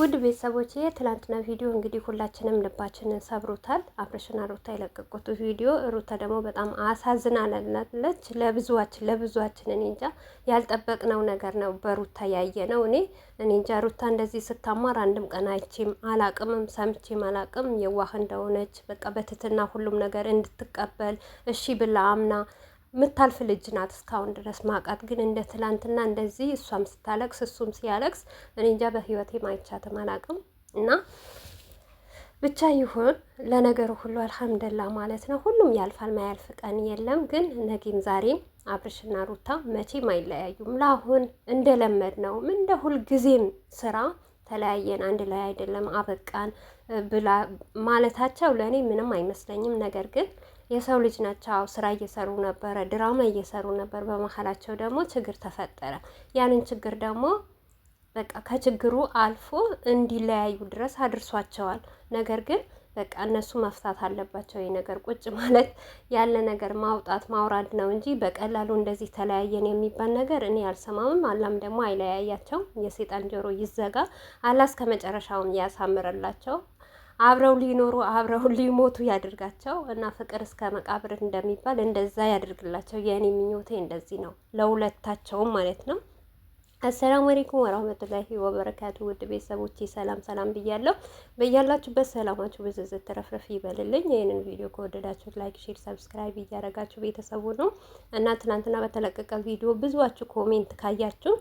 ውድ ቤተሰቦች የትላንትና ቪዲዮ እንግዲህ ሁላችንም ልባችንን ሰብሮታል። አብርሽና ሩታ የለቀቁት ቪዲዮ ሩታ ደግሞ በጣም አሳዝናለች። ለብዙዋችን ለብዙዋችን እኔ እንጃ ያልጠበቅነው ነገር ነው በሩታ ያየ ነው። እኔ እኔ እንጃ ሩታ እንደዚህ ስታማር አንድም ቀን አይቼም አላቅምም ሰምቼም አላቅም። የዋህ እንደሆነች በቃ በትትና ሁሉም ነገር እንድትቀበል እሺ ብላ አምና የምታልፍ ልጅ ናት። እስካሁን ድረስ ማቃት ግን እንደ ትላንትና እንደዚህ እሷም ስታለቅስ እሱም ሲያለቅስ እኔ እንጃ በህይወቴ ማይቻትም አላቅም እና ብቻ ይሁን ለነገሩ ሁሉ አልሐምደላ ማለት ነው። ሁሉም ያልፋል፣ ማያልፍ ቀን የለም። ግን ነጊም ዛሬም አብርሽና ሩታ መቼም አይለያዩም። ለአሁን እንደለመድ ነው እንደ ሁልጊዜም ስራ ተለያየን፣ አንድ ላይ አይደለም፣ አበቃን ብላ ማለታቸው ለእኔ ምንም አይመስለኝም። ነገር ግን የሰው ልጅ ናቸው። ስራ እየሰሩ ነበረ፣ ድራማ እየሰሩ ነበር። በመሀላቸው ደግሞ ችግር ተፈጠረ። ያንን ችግር ደግሞ በቃ ከችግሩ አልፎ እንዲለያዩ ድረስ አድርሷቸዋል። ነገር ግን በቃ እነሱ መፍታት አለባቸው። ይህ ነገር ቁጭ ማለት ያለ ነገር ማውጣት ማውራድ ነው እንጂ በቀላሉ እንደዚህ ተለያየን የሚባል ነገር እኔ አልሰማምም። አላም ደግሞ አይለያያቸው፣ የሴጣን ጆሮ ይዘጋ። አላስ ከመጨረሻውም ያሳምረላቸው፣ አብረው ሊኖሩ አብረው ሊሞቱ ያድርጋቸው እና ፍቅር እስከ መቃብር እንደሚባል እንደዛ ያድርግላቸው። የእኔ ምኞቴ እንደዚህ ነው፣ ለሁለታቸውም ማለት ነው። አሰላሙ አለይኩም ወራህመቱላሂ ወበረካቱ ውድ ቤተሰቦቼ ሰላም ሰላም ብያለሁ። በያላችሁበት ሰላማችሁ ብዝዝት ተረፍረፍ ይበልልኝ። ይህንን ቪዲዮ ከወደዳችሁት ላይክ፣ ሼር፣ ሰብስክራይብ እያደረጋችሁ ቤተሰቡ ነው እና ትናንትና በተለቀቀ ቪዲዮ ብዙዋችሁ ኮሜንት ካያችሁ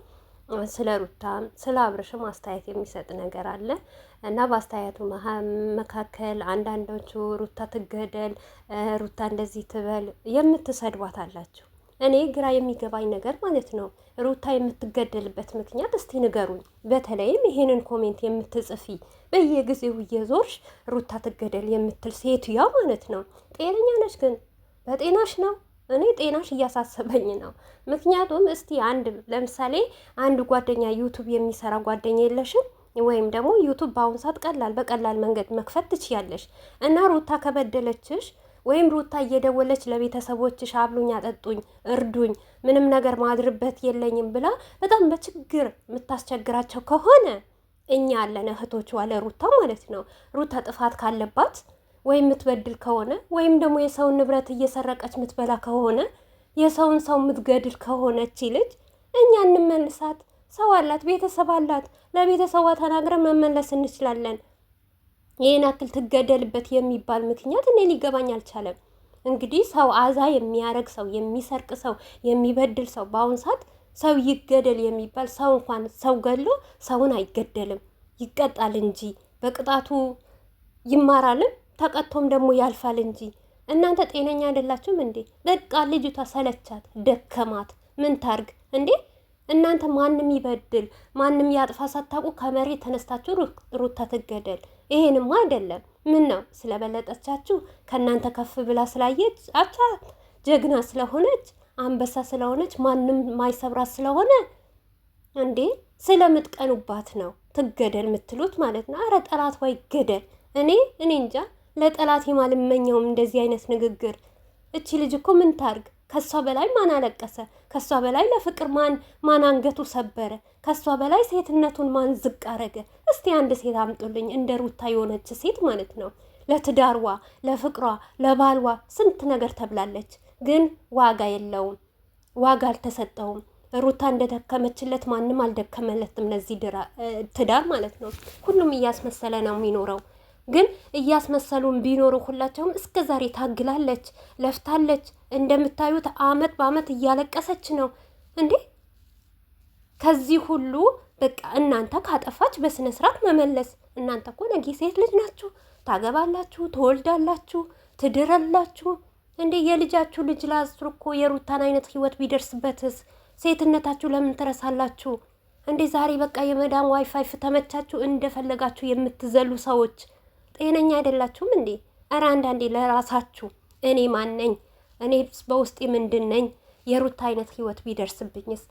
ስለ ሩታ ስለ አብርሽም አስተያየት የሚሰጥ ነገር አለ እና በአስተያየቱ መካከል አንዳንዶቹ ሩታ ትገደል፣ ሩታ እንደዚህ ትበል የምትሰድቧት አላችሁ እኔ ግራ የሚገባኝ ነገር ማለት ነው ሩታ የምትገደልበት ምክንያት እስቲ ንገሩኝ። በተለይም ይሄንን ኮሜንት የምትጽፊ በየጊዜው እየዞርሽ ሩታ ትገደል የምትል ሴትያ ማለት ነው ጤነኛ ነች ግን? በጤናሽ ነው? እኔ ጤናሽ እያሳሰበኝ ነው። ምክንያቱም እስቲ አንድ ለምሳሌ አንድ ጓደኛ ዩቱብ የሚሰራ ጓደኛ የለሽም ወይም ደግሞ ዩቱብ በአሁኑ ሰዓት ቀላል በቀላል መንገድ መክፈት ትችያለሽ እና ሩታ ከበደለችሽ ወይም ሩታ እየደወለች ለቤተሰቦችሽ አብሉኝ፣ አጠጡኝ፣ እርዱኝ፣ ምንም ነገር ማድርበት የለኝም ብላ በጣም በችግር የምታስቸግራቸው ከሆነ እኛ ያለን እህቶች ዋለ ሩታ ማለት ነው። ሩታ ጥፋት ካለባት ወይም የምትበድል ከሆነ ወይም ደግሞ የሰውን ንብረት እየሰረቀች የምትበላ ከሆነ የሰውን ሰው የምትገድል ከሆነች ልጅ እኛ እንመልሳት። ሰው አላት፣ ቤተሰብ አላት። ለቤተሰቧ ተናግረን መመለስ እንችላለን። ይህን አክል ትገደልበት የሚባል ምክንያት እኔ ሊገባኝ አልቻለም። እንግዲህ ሰው አዛ የሚያረግ ሰው፣ የሚሰርቅ ሰው፣ የሚበድል ሰው በአሁን ሰዓት ሰው ይገደል የሚባል ሰው እንኳን ሰው ገሎ ሰውን አይገደልም ይቀጣል እንጂ በቅጣቱ ይማራልም ተቀጥቶም ደግሞ ያልፋል እንጂ። እናንተ ጤነኛ አይደላችሁም እንዴ? በቃ ልጅቷ ሰለቻት፣ ደከማት። ምን ታርግ እንዴ? እናንተ ማንም ይበድል ማንም ያጥፋ ሳታውቁ ከመሬት ተነስታችሁ ሩታ ትገደል። ይሄንማ አይደለም። ምን ነው ስለበለጠቻችሁ ከእናንተ ከፍ ብላ ስላየች አቻ ጀግና ስለሆነች አንበሳ ስለሆነች ማንም ማይሰብራት ስለሆነ እንዴ ስለምትቀኑባት ነው ትገደል የምትሉት ማለት ነው። አረ ጠላት ወይ ገደል። እኔ እኔ እንጃ ለጠላት የማልመኘውም እንደዚህ አይነት ንግግር። እቺ ልጅ እኮ ምን ታርግ? ከሷ በላይ ማን አለቀሰ? ከሷ በላይ ለፍቅር ማን ማን አንገቱ ሰበረ? ከሷ በላይ ሴትነቱን ማን ዝቅ አረገ? እስቲ አንድ ሴት አምጡልኝ፣ እንደ ሩታ የሆነች ሴት ማለት ነው። ለትዳርዋ፣ ለፍቅሯ፣ ለባልዋ ስንት ነገር ተብላለች፣ ግን ዋጋ የለውም፣ ዋጋ አልተሰጠውም። ሩታ እንደደከመችለት ማንም አልደከመለትም፣ ለዚህ ትዳር ማለት ነው። ሁሉም እያስመሰለ ነው የሚኖረው። ግን እያስመሰሉን ቢኖሩ ሁላቸውም እስከ ዛሬ ታግላለች፣ ለፍታለች። እንደምታዩት አመት በአመት እያለቀሰች ነው እንዴ! ከዚህ ሁሉ በቃ እናንተ ካጠፋች በስነ ስርዓት መመለስ። እናንተ እኮ ነገ ሴት ልጅ ናችሁ፣ ታገባላችሁ፣ ትወልዳላችሁ፣ ትድረላችሁ። እንዴ የልጃችሁ ልጅ ላስሩ እኮ የሩታን አይነት ህይወት ቢደርስበትስ ሴትነታችሁ ለምን ትረሳላችሁ? እንዴ ዛሬ በቃ የመዳም ዋይፋይ ተመቻችሁ፣ እንደፈለጋችሁ የምትዘሉ ሰዎች ጤነኛ አይደላችሁም እንዴ? እረ አንዳንዴ ለራሳችሁ እኔ ነኝ? እኔ በውስጤ ምንድን ነኝ? የሩታ አይነት ህይወት ቢደርስብኝስ?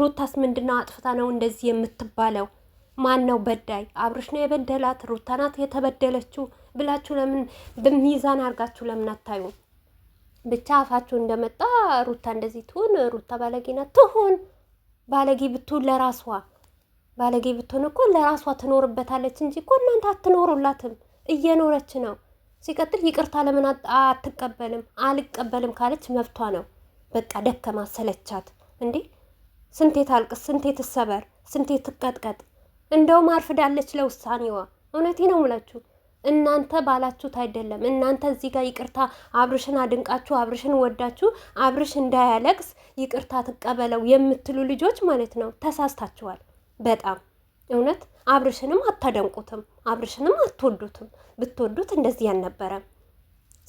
ሩታስ ምንድነው አጥፍታ ነው እንደዚህ የምትባለው? ማን ነው በዳይ? አብርሽ ነው የበደላት? ሩታ ናት የተበደለችው ብላችሁ ለምን በሚዛን አድርጋችሁ ለምን አታዩ? ብቻ አፋችሁ እንደመጣ ሩታ እንደዚህ ትሁን፣ ሩታ ባለጌ ናት ትሁን። ባለጌ ብትሁን ለራሷ ባለጌ ብትሆን እኮ ለራሷ ትኖርበታለች እንጂ እኮ እናንተ አትኖሩላትም። እየኖረች ነው። ሲቀጥል ይቅርታ ለምን አትቀበልም? አልቀበልም ካለች መብቷ ነው። በቃ ደከማ ሰለቻት። እንዴ ስንቴ ታልቅስ፣ ስንቴ ትሰበር፣ ስንቴ ትቀጥቀጥ። እንደውም አርፍዳለች ለውሳኔዋ። እውነቴ ነው ሙላችሁ እናንተ ባላችሁት አይደለም። እናንተ እዚህ ጋር ይቅርታ አብርሽን አድንቃችሁ አብርሽን ወዳችሁ አብርሽ እንዳያለቅስ ይቅርታ ትቀበለው የምትሉ ልጆች ማለት ነው፣ ተሳስታችኋል በጣም እውነት አብርሽንም አታደንቁትም፣ አብርሽንም አትወዱትም። ብትወዱት እንደዚህ አልነበረም።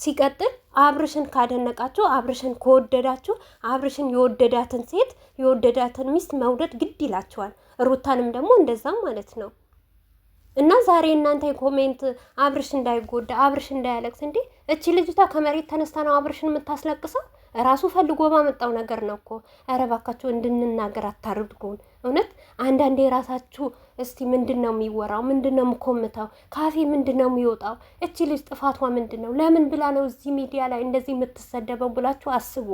ሲቀጥል አብርሽን ካደነቃችሁ፣ አብርሽን ከወደዳችሁ፣ አብርሽን የወደዳትን ሴት የወደዳትን ሚስት መውደድ ግድ ይላችኋል። ሩታንም ደግሞ እንደዛም ማለት ነው። እና ዛሬ እናንተ የኮሜንት አብርሽ እንዳይጎዳ አብርሽ እንዳያለቅስ እንዴ! እቺ ልጅቷ ከመሬት ተነስታ ነው አብርሽን የምታስለቅሰው። ራሱ ፈልጎ ባመጣው ነገር ነው እኮ። ኧረ እባካችሁ እንድንናገር አታድርጉን። እውነት አንዳንዴ የራሳችሁ እስቲ ምንድን ነው የሚወራው? ምንድን ነው የምኮምተው? ካፌ ምንድን ነው የሚወጣው? እቺ ልጅ ጥፋቷ ምንድን ነው? ለምን ብላ ነው እዚህ ሚዲያ ላይ እንደዚህ የምትሰደበው ብላችሁ አስቡ።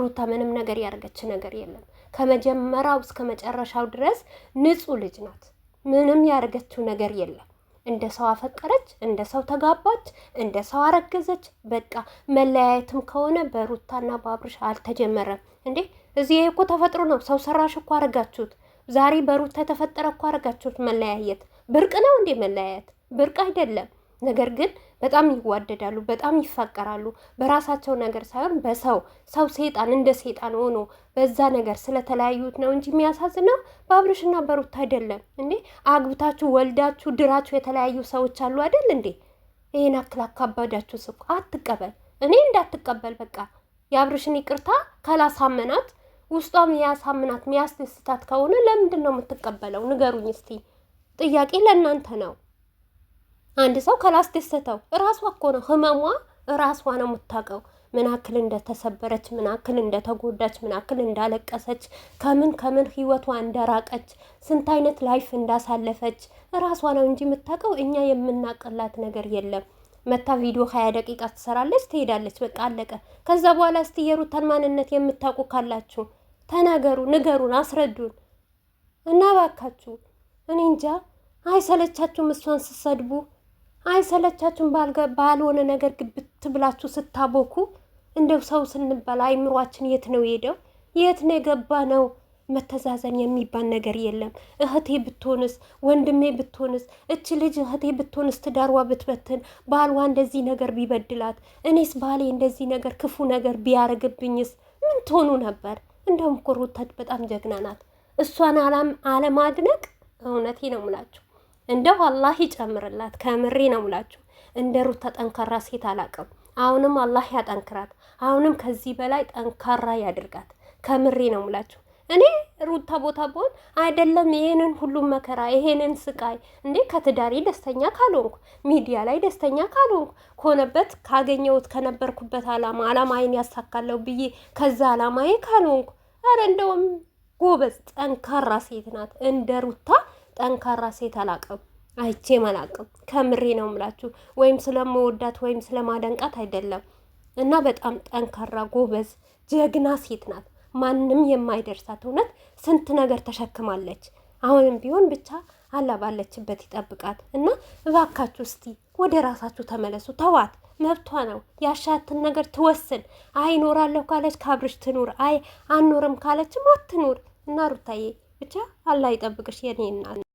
ሩታ ምንም ነገር ያደርገች ነገር የለም። ከመጀመሪያው እስከ መጨረሻው ድረስ ንጹሕ ልጅ ናት። ምንም ያደርገችው ነገር የለም። እንደ ሰው አፈቀረች፣ እንደ ሰው ተጋባች፣ እንደ ሰው አረገዘች። በቃ መለያየትም ከሆነ በሩታና በአብርሽ አልተጀመረም እንዴ! እዚህ እኮ ተፈጥሮ ነው። ሰው ሰራሽ እኮ አረጋችሁት። ዛሬ በሩታ የተፈጠረ እኮ አረጋችሁት። መለያየት ብርቅ ነው እንዴ? መለያየት ብርቅ አይደለም። ነገር ግን በጣም ይዋደዳሉ፣ በጣም ይፋቀራሉ። በራሳቸው ነገር ሳይሆን በሰው ሰው ሰይጣን እንደ ሰይጣን ሆኖ በዛ ነገር ስለተለያዩት ነው እንጂ የሚያሳዝነው በአብርሽና በሩት አይደለም እንዴ። አግብታችሁ ወልዳችሁ ድራችሁ የተለያዩ ሰዎች አሉ አይደል እንዴ? ይህን አክል አካባዳችሁ ስኩ አትቀበል። እኔ እንዳትቀበል በቃ የአብርሽን ይቅርታ ካላሳመናት ውስጧ የሚያሳምናት የሚያስደስታት ከሆነ ለምንድን ነው የምትቀበለው? ንገሩኝ እስቲ። ጥያቄ ለእናንተ ነው። አንድ ሰው ካላስደሰተው እራሷ እኮ ነው ህመሟ እራሷ ነው የምታውቀው። ምን አክል እንደተሰበረች፣ ምን አክል እንደተጎዳች፣ ምን አክል እንዳለቀሰች፣ ከምን ከምን ህይወቷ እንደራቀች፣ ስንት አይነት ላይፍ እንዳሳለፈች እራሷ ነው እንጂ የምታውቀው። እኛ የምናቅላት ነገር የለም። መታ ቪዲዮ ሀያ ደቂቃ ትሰራለች፣ ትሄዳለች፣ በቃ አለቀ። ከዛ በኋላ እስቲ የሩታን ማንነት የምታውቁ ካላችሁ ተናገሩ፣ ንገሩን፣ አስረዱን እና ባካችሁ እኔ እንጃ አይሰለቻችሁም እሷን ስሰድቡ? አይሰለቻችሁም? ባልሆነ ነገር ግብት ብላችሁ ስታቦኩ እንደው ሰው ስንበላ አይምሯችን የት ነው የሄደው? የት ነው የገባ ነው? መተዛዘን የሚባል ነገር የለም። እህቴ ብትሆንስ፣ ወንድሜ ብትሆንስ፣ እች ልጅ እህቴ ብትሆንስ፣ ትዳርዋ ብትበትን፣ ባልዋ እንደዚህ ነገር ቢበድላት፣ እኔስ ባሌ እንደዚህ ነገር ክፉ ነገር ቢያረግብኝስ ምን ትሆኑ ነበር? እንደውም ኮሮታች በጣም ጀግና ናት። እሷን አለማድነቅ እውነቴ ነው የምላችሁ እንደው አላህ ይጨምርላት። ከምሬ ነው ሙላችሁ። እንደ ሩታ ጠንካራ ሴት አላቅም። አሁንም አላህ ያጠንክራት። አሁንም ከዚህ በላይ ጠንካራ ያድርጋት። ከምሬ ነው ሙላችሁ። እኔ ሩታ ቦታ ብሆን አይደለም ይሄንን ሁሉም መከራ ይሄንን ስቃይ እንዴ ከትዳሬ ደስተኛ ካልሆንኩ ሚዲያ ላይ ደስተኛ ካልሆንኩ ከሆነበት ካገኘሁት ከነበርኩበት አላማ አላማዬን ያሳካለሁ ብዬ ከዛ አላማዬ ካልሆንኩ ኧረ እንደውም ጎበዝ ጠንካራ ሴት ናት እንደ ሩታ ጠንካራ ሴት አላቅም አይቼም አላቅም። ከምሬ ነው ምላችሁ። ወይም ስለመወዳት ወይም ስለማደንቃት አይደለም እና በጣም ጠንካራ ጎበዝ፣ ጀግና ሴት ናት። ማንም የማይደርሳት እውነት ስንት ነገር ተሸክማለች። አሁንም ቢሆን ብቻ አላ ባለችበት ይጠብቃት እና እባካችሁ እስቲ ወደ ራሳችሁ ተመለሱ። ተዋት፣ መብቷ ነው። ያሻትን ነገር ትወስን። አይ እኖራለሁ ካለች ካብርሽ ትኑር። አይ አኖርም ካለችም አትኑር እና ሩታዬ ብቻ አላ ይጠብቅሽ የኔ እናት።